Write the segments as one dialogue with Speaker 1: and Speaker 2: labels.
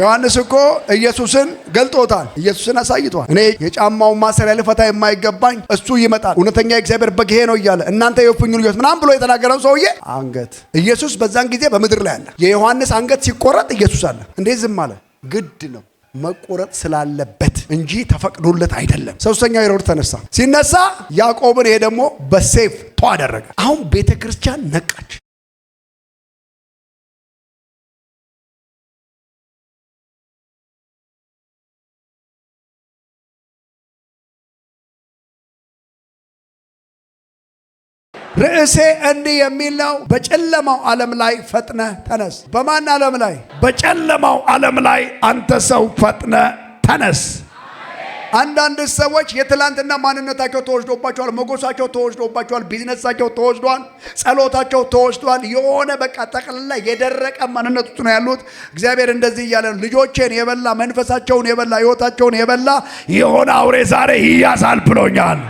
Speaker 1: ዮሐንስ እኮ ኢየሱስን ገልጦታል። ኢየሱስን አሳይቷል። እኔ የጫማውን ማሰሪያ ልፈታ የማይገባኝ እሱ ይመጣል፣ እውነተኛ የእግዚአብሔር በግ ይሄ ነው እያለ እናንተ የወፍኙ ልጆች ምናምን ብሎ የተናገረው ሰውዬ አንገት ኢየሱስ በዛን ጊዜ በምድር ላይ አለ። የዮሐንስ አንገት ሲቆረጥ ኢየሱስ አለ። እንዴት ዝም አለ? ግድ ነው መቆረጥ ስላለበት እንጂ ተፈቅዶለት አይደለም። ሶስተኛው ሄሮድስ ተነሳ። ሲነሳ ያዕቆብን ይሄ ደግሞ በሴፍ ቶ አደረገ። አሁን ቤተ ክርስቲያን ነቃች። ርዕሴ እንዲህ የሚል ነው። በጨለማው ዓለም ላይ ፈጥነ ተነስ። በማን ዓለም ላይ? በጨለማው ዓለም ላይ አንተ ሰው ፈጥነ ተነስ። አንዳንድ ሰዎች የትላንትና ማንነታቸው ተወስዶባቸዋል፣ መጎሳቸው ተወስዶባቸዋል፣ ቢዝነሳቸው ተወስዷል፣ ጸሎታቸው ተወስዷል። የሆነ በቃ ጠቅላላ የደረቀ ማንነት ውስጥ ነው ያሉት። እግዚአብሔር እንደዚህ እያለ ልጆቼን የበላ መንፈሳቸውን የበላ ህይወታቸውን የበላ የሆነ አውሬ ዛሬ ይያዛል ብሎኛል።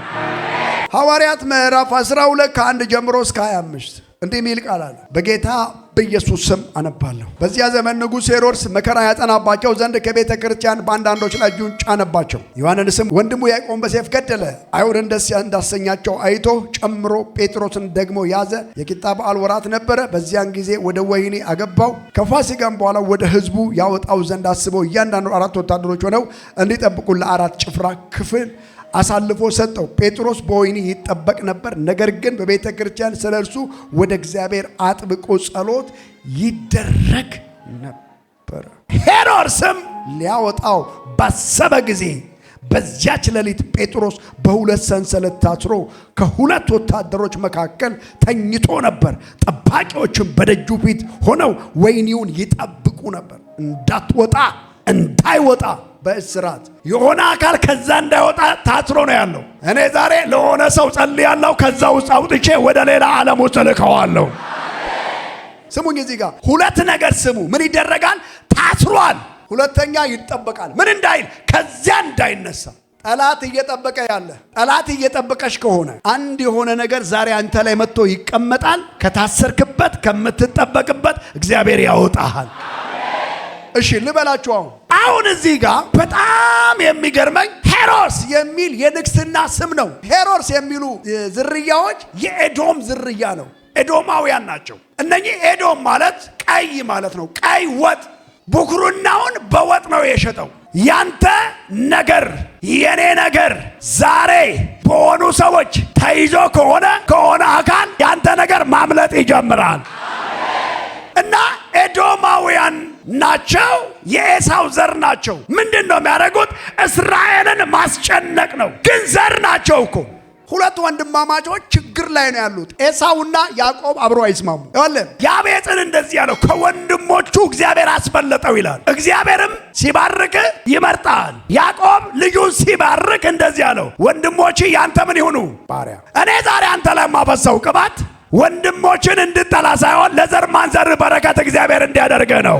Speaker 1: ሐዋርያት ምዕራፍ 12 ከአንድ ጀምሮ እስከ 25 እንዲህ የሚል ቃል አለ። በጌታ በኢየሱስ ስም አነባለሁ። በዚያ ዘመን ንጉሥ ሄሮድስ መከራ ያጠናባቸው ዘንድ ከቤተ ክርስቲያን በአንዳንዶች ላይ እጁን ጫነባቸው። ዮሐንስም ወንድሙ ያዕቆብን በሰይፍ ገደለ። አይሁድን ደስ እንዳሰኛቸው አይቶ ጨምሮ ጴጥሮስን ደግሞ ያዘ። የቂጣ በዓል ወራት ነበረ። በዚያን ጊዜ ወደ ወህኒ አገባው። ከፋሲካም በኋላ ወደ ሕዝቡ ያወጣው ዘንድ አስበው እያንዳንዱ አራት ወታደሮች ሆነው እንዲጠብቁ ለአራት ጭፍራ ክፍል አሳልፎ ሰጠው። ጴጥሮስ በወህኒ ይጠበቅ ነበር። ነገር ግን በቤተ ክርስቲያን ስለ እርሱ ወደ እግዚአብሔር አጥብቆ ጸሎት ይደረግ ነበር። ሄሮድስም ሊያወጣው ባሰበ ጊዜ በዚያች ሌሊት ጴጥሮስ በሁለት ሰንሰለት ታስሮ ከሁለት ወታደሮች መካከል ተኝቶ ነበር። ጠባቂዎችም በደጁ ፊት ሆነው ወህኒውን ይጠብቁ ነበር፣ እንዳትወጣ እንዳይወጣ በእስራት የሆነ አካል ከዛ እንዳይወጣ ታስሮ ነው ያለው። እኔ ዛሬ ለሆነ ሰው ጸልያለሁ። ከዛ ውስጥ አውጥቼ ወደ ሌላ ዓለም ውስጥ ልከዋለሁ። ስሙኝ፣ እዚህ ጋር ሁለት ነገር ስሙ። ምን ይደረጋል? ታስሯል። ሁለተኛ ይጠበቃል። ምን እንዳይል? ከዚያ እንዳይነሳ ጠላት እየጠበቀ ያለ ጠላት እየጠበቀሽ ከሆነ አንድ የሆነ ነገር ዛሬ አንተ ላይ መጥቶ ይቀመጣል። ከታሰርክበት ከምትጠበቅበት እግዚአብሔር ያወጣሃል። እሺ ልበላችሁ። አሁን አሁን እዚህ ጋር በጣም የሚገርመኝ ሄሮስ የሚል የንግስና ስም ነው። ሄሮስ የሚሉ ዝርያዎች የኤዶም ዝርያ ነው። ኤዶማውያን ናቸው እነኚህ። ኤዶም ማለት ቀይ ማለት ነው። ቀይ ወጥ ብኩርናውን በወጥ ነው የሸጠው። ያንተ ነገር የኔ ነገር ዛሬ በሆኑ ሰዎች ተይዞ ከሆነ ከሆነ አካል ያንተ ነገር ማምለጥ ይጀምራል እና ኤዶማውያን ናቸው፣ የኤሳው ዘር ናቸው። ምንድን ነው የሚያደርጉት? እስራኤልን ማስጨነቅ ነው። ግን ዘር ናቸው እኮ ሁለት ወንድማማቾች ችግር ላይ ነው ያሉት። ኤሳውና ያዕቆብ አብሮ አይስማሙ። ለ ያቤጽን እንደዚህ ያለው ከወንድሞቹ እግዚአብሔር አስበለጠው ይላል። እግዚአብሔርም ሲባርክ ይመርጣል። ያዕቆብ ልጁን ሲባርክ እንደዚህ ያለው ወንድሞች ያንተ ምን ይሁኑ ባሪያ። እኔ ዛሬ አንተ ላይ የማፈሰው ቅባት ወንድሞችን እንድጠላ ሳይሆን ለዘር ማንዘር በረከት እግዚአብሔር እንዲያደርገ ነው።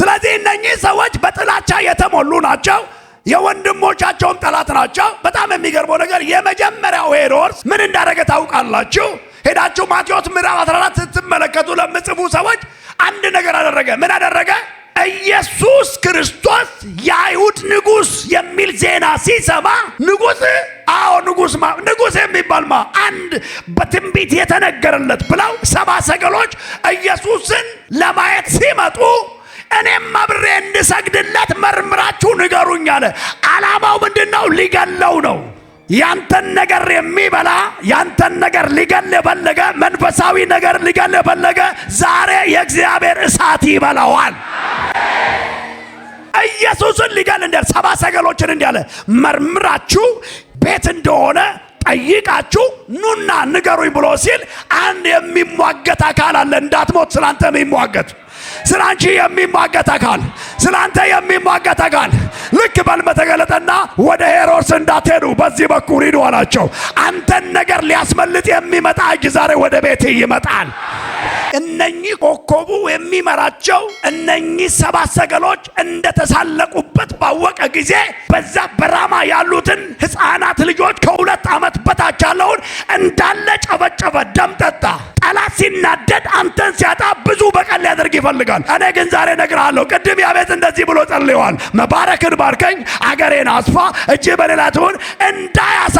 Speaker 1: ስለዚህ እነኚህ ሰዎች በጥላቻ የተሞሉ ናቸው። የወንድሞቻቸውም ጠላት ናቸው። በጣም የሚገርመው ነገር የመጀመሪያው ሄሮድስ ምን እንዳደረገ ታውቃላችሁ? ሄዳችሁ ማቴዎስ ምዕራፍ 14 ስትመለከቱ ለምጽፉ ሰዎች አንድ ነገር አደረገ። ምን አደረገ? ኢየሱስ ክርስቶስ የአይሁድ ንጉሥ የሚል ዜና ሲሰማ ንጉሥ፣ አዎ ንጉሥ፣ ማ ንጉሥ ማ አንድ በትንቢት የተነገረለት ብለው ሰባ ሰገሎች ኢየሱስን ለማየት ሲመጡ እኔም አብሬ እንድሰግድለት መርምራችሁ ንገሩኝ አለ። ዓላማው ምንድን ነው? ሊገለው ነው። ያንተን ነገር የሚበላ ያንተን ነገር ሊገል የፈለገ መንፈሳዊ ነገር ሊገል የፈለገ ዛሬ የእግዚአብሔር እሳት ይበላዋል። ኢየሱስን ሊገል እንዲያል ሰባ ሰገሎችን እንዲያለ መርምራችሁ ቤት እንደሆነ ጠይቃችሁ ኑና ንገሩኝ ብሎ ሲል አንድ የሚሟገት አካል አለ። እንዳትሞት ስላንተ የሚሟገት ስላንቺ የሚሟገት አካል ስላንተ የሚሟገት አካል ልክ በልመ ተገለጠና ወደ ሄሮድስ እንዳትሄዱ በዚህ በኩል ሂዱ አላቸው። አንተን ነገር ሊያስመልጥ የሚመጣ እጅ ዛሬ ወደ ቤት ይመጣል። እነኚህ ኮከቡ የሚመራቸው እነኚህ ሰባት ሰገሎች እንደተሳለቁበት ባወቀ ጊዜ በዛ በራማ ያሉትን ሕፃናት ልጆች ከሁለት ዓመት በታች ያለውን እንዳለ ጨበጨበ፣ ደም ጠጣ። ጠላት ሲናደድ አንተን ሲያጣ ብዙ በቀል ሊያደርግ ይፈልጋል። እኔ ግን ዛሬ እነግርሃለሁ፣ ቅድም ያቤት እንደዚህ ብሎ ጸልየዋል። መባረክን ባርከኝ፣ አገሬን አስፋ፣ እጅ በሌላ ትሁን እንዳ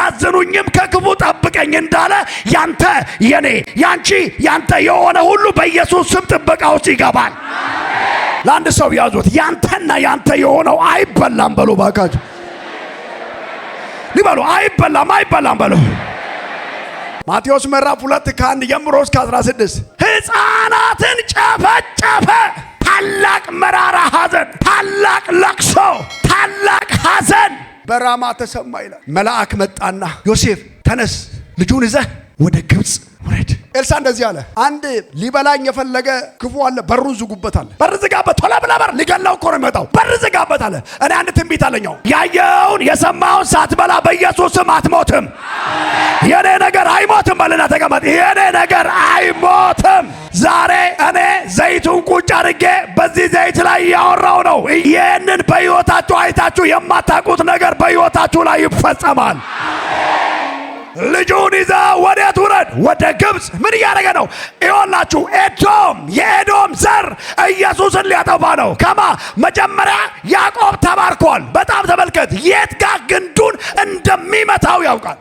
Speaker 1: እንዳያሳዝኑኝም ከክፉ ጠብቀኝ እንዳለ ያንተ የኔ ያንቺ ያንተ የሆነ ሁሉ በኢየሱስ ስም ጥበቃ ውስጥ ይገባል። ለአንድ ሰው ያዙት። ያንተና ያንተ የሆነው አይበላም በሉ ባካችሁ ሊበሉ አይበላም፣ አይበላም በሉ። ማቴዎስ ምዕራፍ ሁለት ከአንድ ጀምሮ እስከ 16 ሕፃናትን ጨፈጨፈ። ታላቅ መራራ ሐዘን፣ ታላቅ ለቅሶ፣ ታላቅ ሐዘን በራማ ተሰማ ይላል። መልአክ መጣና ዮሴፍ ተነስ ልጁን ይዘህ ወደ ግብፅ ውረድ። ኤልሳ እንደዚህ አለ፣ አንድ ሊበላኝ የፈለገ ክፉ አለ፣ በሩ ዝጉበት አለ። በር ዝጋበት፣ ቶሎ ብለህ በር፣ ሊገላው እኮ ነው የሚመጣው። በር ዝጋበት አለ። እኔ አንድ ትንቢት አለኝ፣ ያየኸውን የሰማኸውን ሳትበላ በኢየሱስም አትሞትም። የእኔ ነገር አይሞትም። በልና ተቀመጥ። የእኔ ነገር አይሞትም። ዛሬ እኔ ዘይቱን ቁጭ አድርጌ በዚህ ዘይት ላይ እያወራው ነው። ይህንን በሕይወታችሁ አይታችሁ የማታውቁት ነገር በሕይወታችሁ ላይ ይፈጸማል። ልጁን ይዛ ወዴት ውረድ? ወደ ግብፅ። ምን እያደረገ ነው? ይሆናችሁ ኤዶም፣ የኤዶም ዘር ኢየሱስን ሊያጠፋ ነው። ከማ መጀመሪያ ያዕቆብ ተባርኳል። በጣም ተመልከት፣ የት ጋ ግንዱን እንደሚመታው ያውቃል፣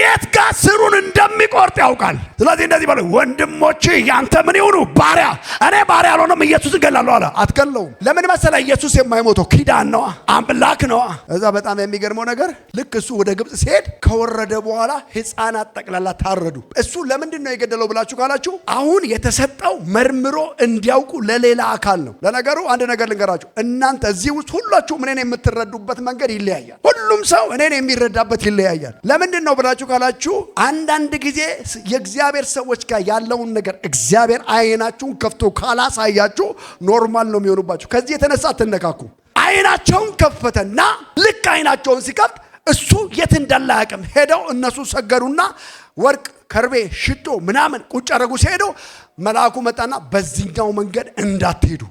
Speaker 1: የት ጋር ስሩን እንደሚቆርጥ ያውቃል። ስለዚህ እንደዚህ በለው ወንድሞች ያንተ ምን ይሁኑ? ባሪያ። እኔ ባሪያ አልሆነም፣ ኢየሱስን ገላለሁ አለ። አትገለውም። ለምን መሰለ? ኢየሱስ የማይሞተው ኪዳን ነዋ፣ አምላክ ነዋ። እዛ በጣም የሚገርመው ነገር ልክ እሱ ወደ ግብፅ ሲሄድ ከወረደ በኋላ ህፃናት ጠቅላላ ታረዱ። እሱ ለምንድን ነው የገደለው ብላችሁ ካላችሁ አሁን የተሰጠው መርምሮ እንዲያውቁ ለሌላ አካል ነው። ለነገሩ አንድ ነገር ልንገራችሁ፣ እናንተ እዚህ ውስጥ ሁላችሁም እኔን የምትረዱበት መንገድ ይለያያል። ሁሉም ሰው እኔን የሚረዳበት ይለያያል። ለምንድን ነው ብላችሁ ካላችሁ አንዳንድ ጊዜ የእግዚአብሔር ሰዎች ጋር ያለውን ነገር እግዚአብሔር አይናችሁን ከፍቶ ካላሳያችሁ ኖርማል ነው የሚሆኑባችሁ። ከዚህ የተነሳ አትነካኩ። አይናቸውን ከፈተና ልክ አይናቸውን ሲከፍት እሱ የት እንዳለ አያውቅም። ሄደው እነሱ ሰገዱና ወርቅ፣ ከርቤ፣ ሽቶ ምናምን ቁጭ አደረጉ። ሲሄዱ መልአኩ መጣና በዚህኛው መንገድ እንዳትሄዱ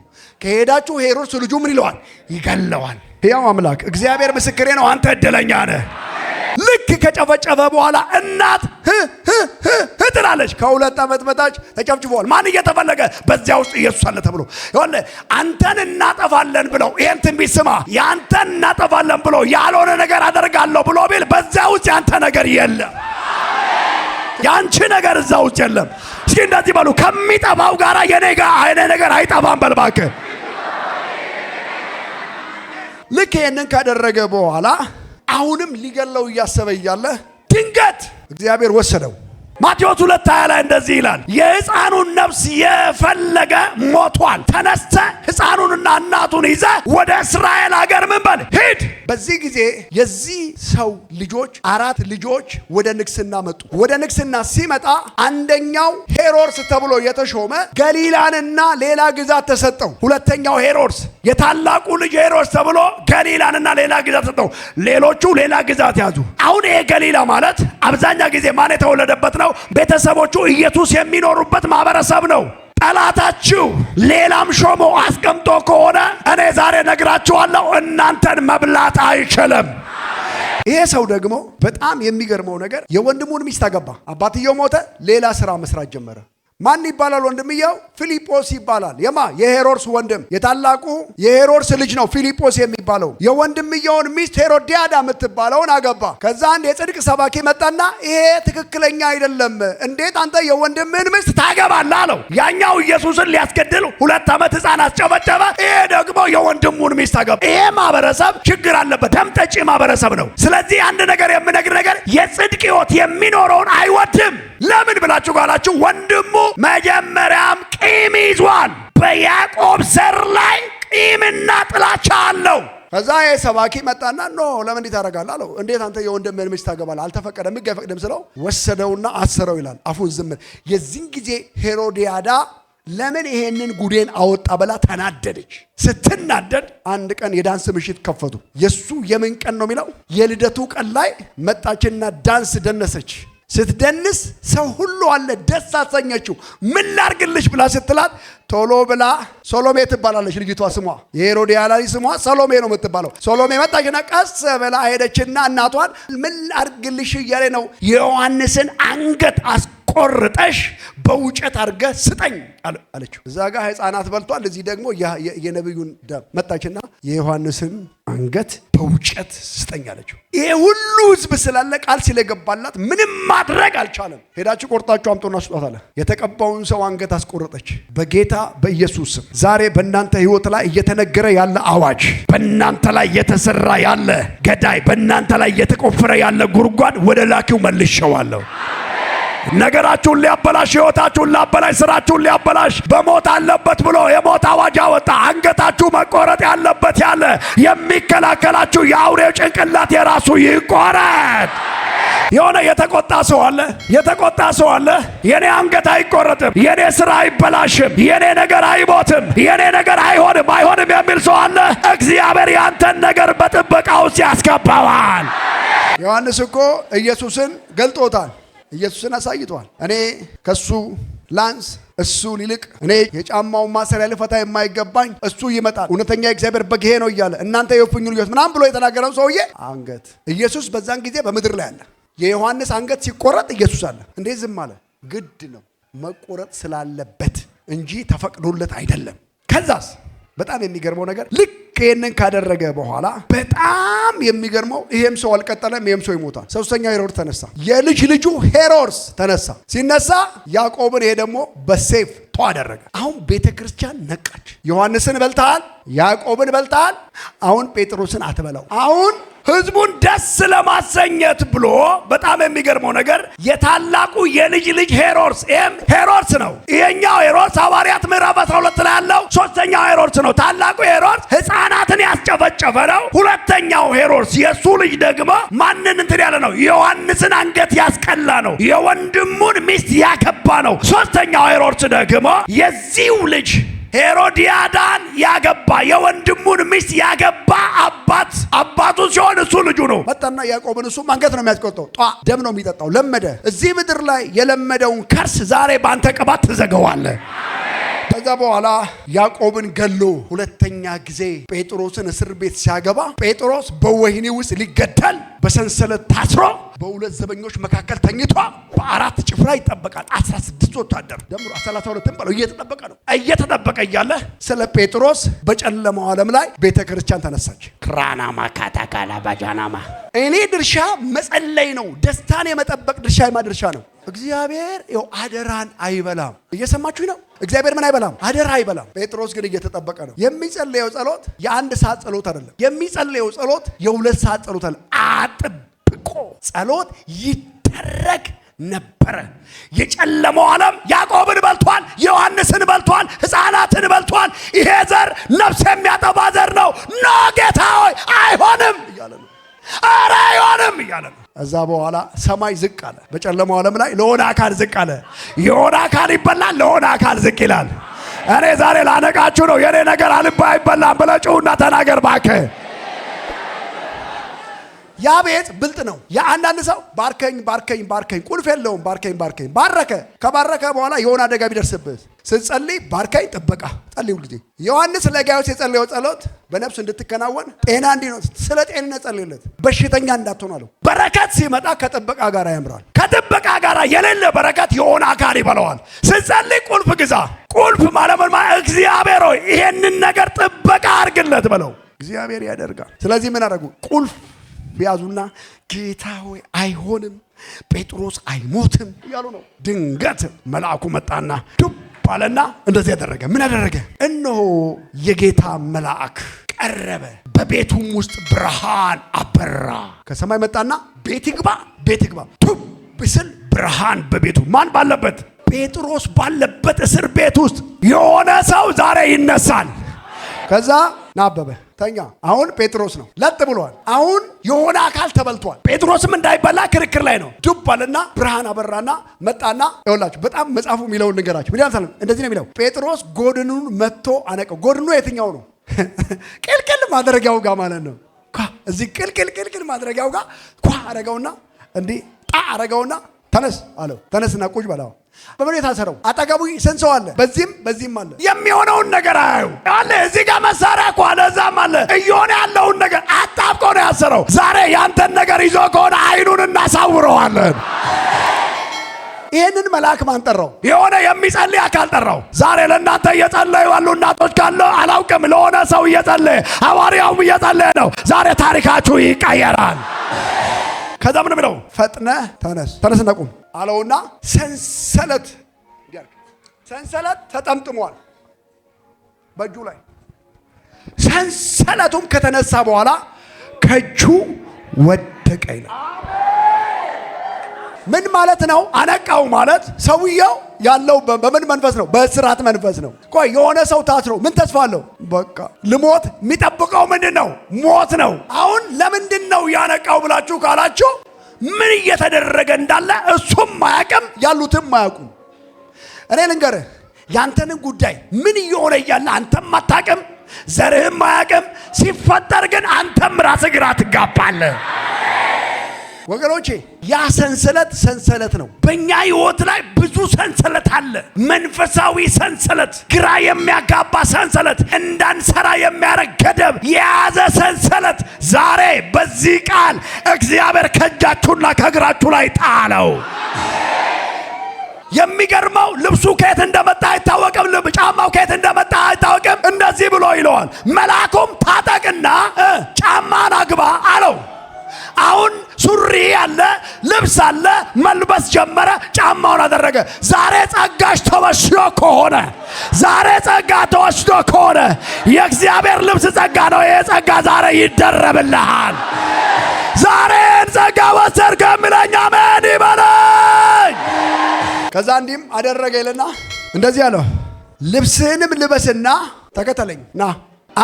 Speaker 1: ከሄዳችሁ ሄሮድስ ልጁ ምን ይለዋል? ይገለዋል። ያው አምላክ እግዚአብሔር ምስክሬ ነው። አንተ እድለኛ ነህ። ልክ ከጨፈጨፈ በኋላ እናት ትላለች። ከሁለት ዓመት በታች ተጨፍጭፏል። ማን እየተፈለገ በዚያ ውስጥ ኢየሱስ አለ ተብሎ ይሆን አንተን እናጠፋለን ብለው ይህን ትንቢት ስማ። የአንተን እናጠፋለን ብለው ያልሆነ ነገር አደርጋለሁ ብሎ ቢል በዚያ ውስጥ የአንተ ነገር የለም። የአንቺ ነገር እዛ ውስጥ የለም። እስኪ እንደዚህ በሉ፣ ከሚጠፋው ጋር የኔ ጋር አይነ ነገር አይጠፋም። በልባክ ልክ ይህንን ካደረገ በኋላ አሁንም ሊገለው እያሰበ እያለ ድንገት እግዚአብሔር ወሰደው። ማቴዎስ ሁለት ሀያ ላይ እንደዚህ ይላል፣ የሕፃኑን ነፍስ የፈለገ ሞቷል፣ ተነስተ ሕፃኑንና እናቱን ይዘ ወደ እስራኤል አገር ምን በል ሂድ። በዚህ ጊዜ የዚህ ሰው ልጆች አራት ልጆች ወደ ንግስና መጡ። ወደ ንግስና ሲመጣ አንደኛው ሄሮድስ ተብሎ የተሾመ ገሊላንና ሌላ ግዛት ተሰጠው። ሁለተኛው ሄሮድስ የታላቁ ልጅ ሄሮድስ ተብሎ ገሊላንና ሌላ ግዛት ሰጠው። ሌሎቹ ሌላ ግዛት ያዙ። አሁን ይሄ ገሊላ ማለት አብዛኛ ጊዜ ማን የተወለደበት ነው? ቤተሰቦቹ ኢየሱስ የሚኖሩበት ማህበረሰብ ነው። ጠላታችሁ ሌላም ሾሞ አስቀምጦ ከሆነ እኔ ዛሬ ነግራችኋለሁ፣ እናንተን መብላት አይችልም። ይሄ ሰው ደግሞ በጣም የሚገርመው ነገር የወንድሙን ሚስት አገባ። አባትየው ሞተ፣ ሌላ ስራ መስራት ጀመረ። ማን ይባላል? ወንድምየው ፊልጶስ ይባላል። የማ የሄሮድስ ወንድም የታላቁ የሄሮድስ ልጅ ነው ፊልጶስ የሚባለው። የወንድምየውን ሚስት ሄሮዲያዳ የምትባለውን አገባ። ከዛ አንድ የጽድቅ ሰባኪ መጣና ይሄ ትክክለኛ አይደለም፣ እንዴት አንተ የወንድምን ሚስት ታገባለህ አለው። ያኛው ኢየሱስን ሊያስገድል ሁለት ዓመት ሕፃን አስጨበጨበ። ይሄ ደግሞ የወንድሙን ሚስት አገባ። ይሄ ማህበረሰብ ችግር አለበት፣ ደም ጠጪ ማህበረሰብ ነው። ስለዚህ አንድ ነገር የምነግር ነገር የጽድቅ ህይወት የሚኖረውን አይወድም። ለምን ብላችሁ ካላችሁ ወንድሙ መጀመሪያም ቂም ይዟል። በያዕቆብ ዘር ላይ ቂምና ጥላቻ አለው። ከዛ ሰባኪ መጣና ኖ ለምን እንዲህ ታደርጋለህ አለው። እንዴት አንተ የወንድምህን ሚስት ታገባለህ? አልተፈቀደም፣ ሕግ አይፈቅድም ስለው ወሰደውና አሰረው ይላል። አፉን ዝምር የዚህን ጊዜ ሄሮዲያዳ ለምን ይሄንን ጉዴን አወጣ ብላ ተናደደች። ስትናደድ አንድ ቀን የዳንስ ምሽት ከፈቱ። የእሱ የምን ቀን ነው የሚለው የልደቱ ቀን ላይ መጣችና ዳንስ ደነሰች። ስትደንስ ሰው ሁሉ አለ። ደስ አሰኘችው። ምን ላርግልሽ ብላ ስትላት ቶሎ ብላ ሶሎሜ ትባላለች ልጅቷ ስሟ፣ ላይ ስሟ ሶሎሜ ነው የምትባለው። ሶሎሜ መጣችና ቀስ ብላ ሄደችና እናቷን ምን ላድርግልሽ እያለ ነው የዮሐንስን አንገት አስቆርጠሽ በውጨት አድርገ ስጠኝ አለችው። እዛ ጋር ህፃናት በልቷል፣ እዚህ ደግሞ የነቢዩን ደም። መጣችና የዮሐንስን አንገት በውጨት ስጠኝ አለችው። ይሄ ሁሉ ህዝብ ስላለ ቃል ስለገባላት ምንም ማድረግ አልቻለም። ሄዳችሁ ቆርጣችሁ አምጦና ስጧት አለ። የተቀባውን ሰው አንገት አስቆረጠች በጌታ በኢየሱስ ዛሬ በእናንተ ህይወት ላይ እየተነገረ ያለ አዋጅ፣ በእናንተ ላይ እየተሰራ ያለ ገዳይ፣ በእናንተ ላይ እየተቆፈረ ያለ ጉድጓድ ወደ ላኪው መልሼዋለሁ። ነገራችሁን ሊያበላሽ፣ ህይወታችሁን ሊያበላሽ፣ ስራችሁን ሊያበላሽ በሞት አለበት ብሎ የሞት አዋጅ አወጣ። አንገታችሁ መቆረጥ ያለበት ያለ የሚከላከላችሁ የአውሬው ጭንቅላት የራሱ ይቆረጥ። የሆነ የተቆጣ ሰው አለ፣ የተቆጣ ሰው አለ። የኔ አንገት አይቆረጥም፣ የኔ ስራ አይበላሽም፣ የኔ ነገር አይሞትም፣ የኔ ነገር አይሆንም፣ አይሆንም የሚል ሰው አለ። እግዚአብሔር ያንተን ነገር በጥበቃ ውስጥ ያስገባዋል። ዮሐንስ እኮ ኢየሱስን ገልጦታል። ኢየሱስን አሳይቷል። እኔ ከሱ ላንስ እሱን ይልቅ እኔ የጫማውን ማሰሪያ ልፈታ የማይገባኝ እሱ ይመጣል፣ እውነተኛ እግዚአብሔር በግሄ ነው እያለ እናንተ የፍኙ ልጆች ምናምን ብሎ የተናገረው ሰውዬ አንገት ኢየሱስ በዛን ጊዜ በምድር ላይ አለ። የዮሐንስ አንገት ሲቆረጥ ኢየሱስ አለ። እንዴት ዝም አለ? ግድ ነው መቆረጥ ስላለበት እንጂ ተፈቅዶለት አይደለም። ከዛስ በጣም የሚገርመው ነገር ልክ ይህንን ካደረገ በኋላ በጣም የሚገርመው ይሄም ሰው አልቀጠለም፣ ይሄም ሰው ይሞታል። ሶስተኛው ሄሮድ ተነሳ፣ የልጅ ልጁ ሄሮድስ ተነሳ። ሲነሳ ያዕቆብን ይሄ ደግሞ በሴፍ ቶ አደረገ። አሁን ቤተ ክርስቲያን ነቃች። ዮሐንስን በልተሃል፣ ያዕቆብን በልተሃል፣ አሁን ጴጥሮስን አትበላው። አሁን ህዝቡን ደስ ለማሰኘት ብሎ በጣም የሚገርመው ነገር የታላቁ የልጅ ልጅ ሄሮድስ ይህም ሄሮድስ ነው። ይሄኛው ሄሮድስ ሐዋርያት ምዕራፍ 12 ላይ ያለው ሶስተኛው ሄሮድስ ነው። ታላቁ ሄሮድስ ህፃናትን ያስጨፈጨፈ ነው። ሁለተኛው ሄሮድስ የእሱ ልጅ ደግሞ ማንን እንትን ያለ ነው? ዮሐንስን አንገት ያስቀላ ነው። የወንድሙን ሚስት ያከባ ነው። ሶስተኛው ሄሮድስ ደግሞ የዚሁ ልጅ ሄሮዲያዳን ያገባ የወንድሙን ሚስት ያገባ አባት አባቱ ሲሆን እሱ ልጁ ነው። መጣና ያዕቆብን እሱ አንገት ነው የሚያስቆጠው። ጧ ደም ነው የሚጠጣው። ለመደ። እዚህ ምድር ላይ የለመደውን ከርስ ዛሬ በአንተ ቅባት ትዘገዋለህ። ከዛ በኋላ ያዕቆብን ገሎ ሁለተኛ ጊዜ ጴጥሮስን እስር ቤት ሲያገባ ጴጥሮስ በወህኒ ውስጥ ሊገደል በሰንሰለት ታስሮ በሁለት ዘበኞች መካከል ተኝቷ በአራት ጭፍራ ይጠበቃል። አስራ ስድስት ወታደር ደምሮ ሰላሳ ሁለትም በለው እየተጠበቀ ነው። እየተጠበቀ እያለ ስለ ጴጥሮስ በጨለማው ዓለም ላይ ቤተ ክርስቲያን ተነሳች። ክራናማ ካታካላ ባጃናማ እኔ ድርሻ መጸለይ ነው። ደስታን የመጠበቅ ድርሻ የማድርሻ ድርሻ ነው። እግዚአብሔር ይኸው አደራን አይበላም። እየሰማችሁ ነው። እግዚአብሔር ምን አይበላም? አደራ አይበላም። ጴጥሮስ ግን እየተጠበቀ ነው። የሚጸልየው ጸሎት የአንድ ሰዓት ጸሎት አይደለም። የሚጸልየው ጸሎት የሁለት ሰዓት ጸሎት አለ። አጥብቆ ጸሎት ይደረግ ነበረ። የጨለመው ዓለም ያዕቆብን በልቷል፣ ዮሐንስን በልቷል፣ ሕፃናትን በልቷል። ይሄ ዘር ነፍስ የሚያጠባ ዘር ነው። ኖ ጌታ ሆይ አይሆንም እያለ ነው። አይሆንም እያለ ነው። እዛ በኋላ ሰማይ ዝቅ አለ። በጨለማው ዓለም ላይ ለሆነ አካል ዝቅ አለ። የሆነ አካል ይበላል፣ ለሆነ አካል ዝቅ ይላል። እኔ ዛሬ ላነቃችሁ ነው። የእኔ ነገር አልባ አይበላም ብለህ ጩሁና ተናገር እባክህ። ያ ቤት ብልጥ ነው። የአንዳንድ ሰው ባርከኝ፣ ባርከኝ፣ ባርከኝ ቁልፍ የለውም። ባርከኝ፣ ባርከኝ ባረከ። ከባረከ በኋላ የሆነ አደጋ ቢደርስብህ ስትጸልይ ባርካኝ ጥበቃ ጸልዩ ጊዜ ዮሐንስ ለጋዮስ የጸለየው ጸሎት በነፍሱ እንድትከናወን ጤና እንዲኖር ስለ ጤንነት ጸልዩለት፣ በሽተኛ እንዳትሆን አለው። በረከት ሲመጣ ከጥበቃ ጋር ያምራል። ከጥበቃ ጋር የሌለ በረከት የሆነ አካል ይበለዋል። ስትጸልይ ቁልፍ ግዛ። ቁልፍ ማለመልማ እግዚአብሔር ሆይ ይሄንን ነገር ጥበቃ አርግለት በለው። እግዚአብሔር ያደርጋል። ስለዚህ ምን አደረጉ? ቁልፍ ያዙና ጌታ ሆይ አይሆንም ጴጥሮስ አይሞትም እያሉ ነው። ድንገት መልአኩ መጣና ዱብ አለና እንደዚህ ያደረገ ምን ያደረገ? እነሆ የጌታ መልአክ ቀረበ፣ በቤቱም ውስጥ ብርሃን አበራ። ከሰማይ መጣና ቤት ይግባ፣ ቤት ይግባ። ዱብ ስል ብርሃን በቤቱ ማን ባለበት? ጴጥሮስ ባለበት እስር ቤት ውስጥ የሆነ ሰው ዛሬ ይነሳል። ከዛ ናበበ ተኛ። አሁን ጴጥሮስ ነው ለጥ ብሏል። አሁን የሆነ አካል ተበልቷል። ጴጥሮስም እንዳይበላ ክርክር ላይ ነው። ዱብ አለና ብርሃን አበራና መጣና ይወላችሁ በጣም መጽሐፉ የሚለውን ልንገራችሁ። ምን ያልታለ እንደዚህ ነው የሚለው ጴጥሮስ ጎድኑን መጥቶ አነቀው። ጎድኑ የትኛው ነው? ቅልቅል ማድረጊያው ጋር ማለት ነው። እዚህ ቅልቅል ቅልቅል ማድረጊያው ጋር ኳ አረገውና እንዲህ ጣ አረገውና ተነስ አለው። ተነስና ቁጭ በላው በመሬት አሰረው። አጠገቡ ስንት አለ? በዚህም በዚህም አለ። የሚሆነውን ነገር አያዩ አለ። እዚህ ጋር መሳሪያ እኮ አለ፣ እዛም አለ። እየሆነ ያለውን ነገር አጣብቆ ነው ያሰረው። ዛሬ ያንተን ነገር ይዞ ከሆነ አይኑን እናሳውረዋለን። ይህንን መልአክ ማን ጠራው? የሆነ የሚጸልይ አካል ጠራው። ዛሬ ለእናንተ እየጸለዩ ያሉ እናቶች ካለ አላውቅም። ለሆነ ሰው እየጸለየ ሐዋርያውም እየጸለየ ነው። ዛሬ ታሪካችሁ ይቀየራል። ከዛ ምን ብለው ፈጥነህ ተነስ፣ ተነስና ቁም አለውና ሰንሰለት ሰንሰለት ተጠምጥሟል በእጁ ላይ። ሰንሰለቱም ከተነሳ በኋላ ከእጁ ወደቀ ይላል። ምን ማለት ነው? አነቃው ማለት ሰውየው ያለው በምን መንፈስ ነው? በእስራት መንፈስ ነው። ቆይ የሆነ ሰው ታስሮ ምን ተስፋ አለው? በቃ ልሞት። የሚጠብቀው ምንድን ነው? ሞት ነው። አሁን ለምንድን ነው ያነቃው ብላችሁ ካላችሁ ምን እየተደረገ እንዳለ እሱም አያውቅም፣ ያሉትም አያውቁም። እኔ ልንገርህ ያንተንን ጉዳይ ምን እየሆነ እያለ አንተም አታውቅም፣ ዘርህም አያውቅም። ሲፈጠር ግን አንተም ራስህ ግራ ትጋባለህ። ወገኖች ያ ሰንሰለት ሰንሰለት ነው። በእኛ ህይወት ላይ ብዙ ሰንሰለት አለ። መንፈሳዊ ሰንሰለት፣ ግራ የሚያጋባ ሰንሰለት፣ እንዳንሰራ የሚያደርግ ገደብ የያዘ ሰንሰለት ዛሬ በዚህ ቃል እግዚአብሔር ከእጃችሁና ከእግራችሁ ላይ ጣለው። የሚገርመው ልብሱ ከየት እንደመጣ አይታወቅም። ልብ ጫማው ከየት እንደመጣ አይታወቅም። እንደዚህ ብሎ ይለዋል መልአኩም ታጠቅና ጫማን አግባ አለው። አሁን ሱሪ አለ፣ ልብስ አለ፣ መልበስ ጀመረ፣ ጫማውን አደረገ። ዛሬ ጸጋሽ ተወስዶ ከሆነ ዛሬ ጸጋ ተወስዶ ከሆነ የእግዚአብሔር ልብስ ጸጋ ነው። ይህ ጸጋ ዛሬ ይደረብልሃል። ዛሬን ጸጋ ወሰድክ የሚለኝ አሜን ይበለኝ። ከዛ እንዲህም አደረገ ይልና እንደዚህ አለው ልብስህንም ልበስና ተከተለኝ ና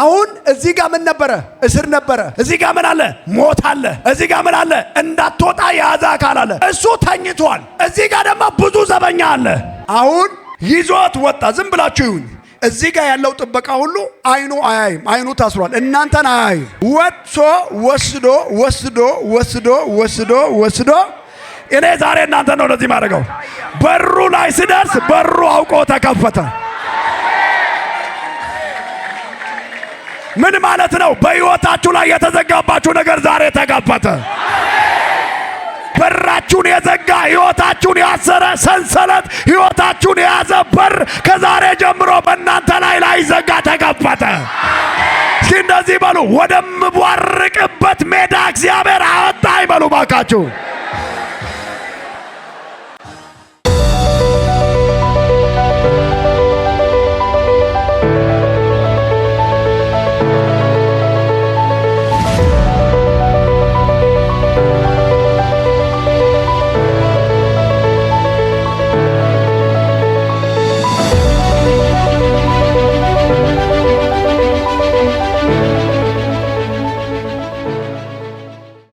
Speaker 1: አሁን እዚህ ጋር ምን ነበረ? እስር ነበረ። እዚህ ጋር ምን አለ? ሞት አለ። እዚህ ጋር ምን አለ? እንዳትወጣ የያዘ አካል አለ። እሱ ተኝቷል። እዚህ ጋር ደግሞ ብዙ ዘበኛ አለ። አሁን ይዞት ወጣ። ዝም ብላችሁ ይሁኝ። እዚህ ጋር ያለው ጥበቃ ሁሉ አይኑ አያይም፣ አይኑ ታስሯል። እናንተን አያይም። ወጥቶ ወስዶ ወስዶ ወስዶ ወስዶ ወስዶ እኔ ዛሬ እናንተ ነው እንደዚህ ማድረገው። በሩ ላይ ስደርስ በሩ አውቆ ተከፈተ። ምን ማለት ነው? በሕይወታችሁ ላይ የተዘጋባችሁ ነገር ዛሬ ተከፈተ። በራችሁን የዘጋ ሕይወታችሁን ያሰረ ሰንሰለት ሕይወታችሁን የያዘ በር ከዛሬ ጀምሮ በእናንተ ላይ ዘጋ ተከፈተ። እስኪ እንደዚህ በሉ፣ ወደምቧርቅበት ሜዳ እግዚአብሔር አወጣኝ በሉ ባካችሁ።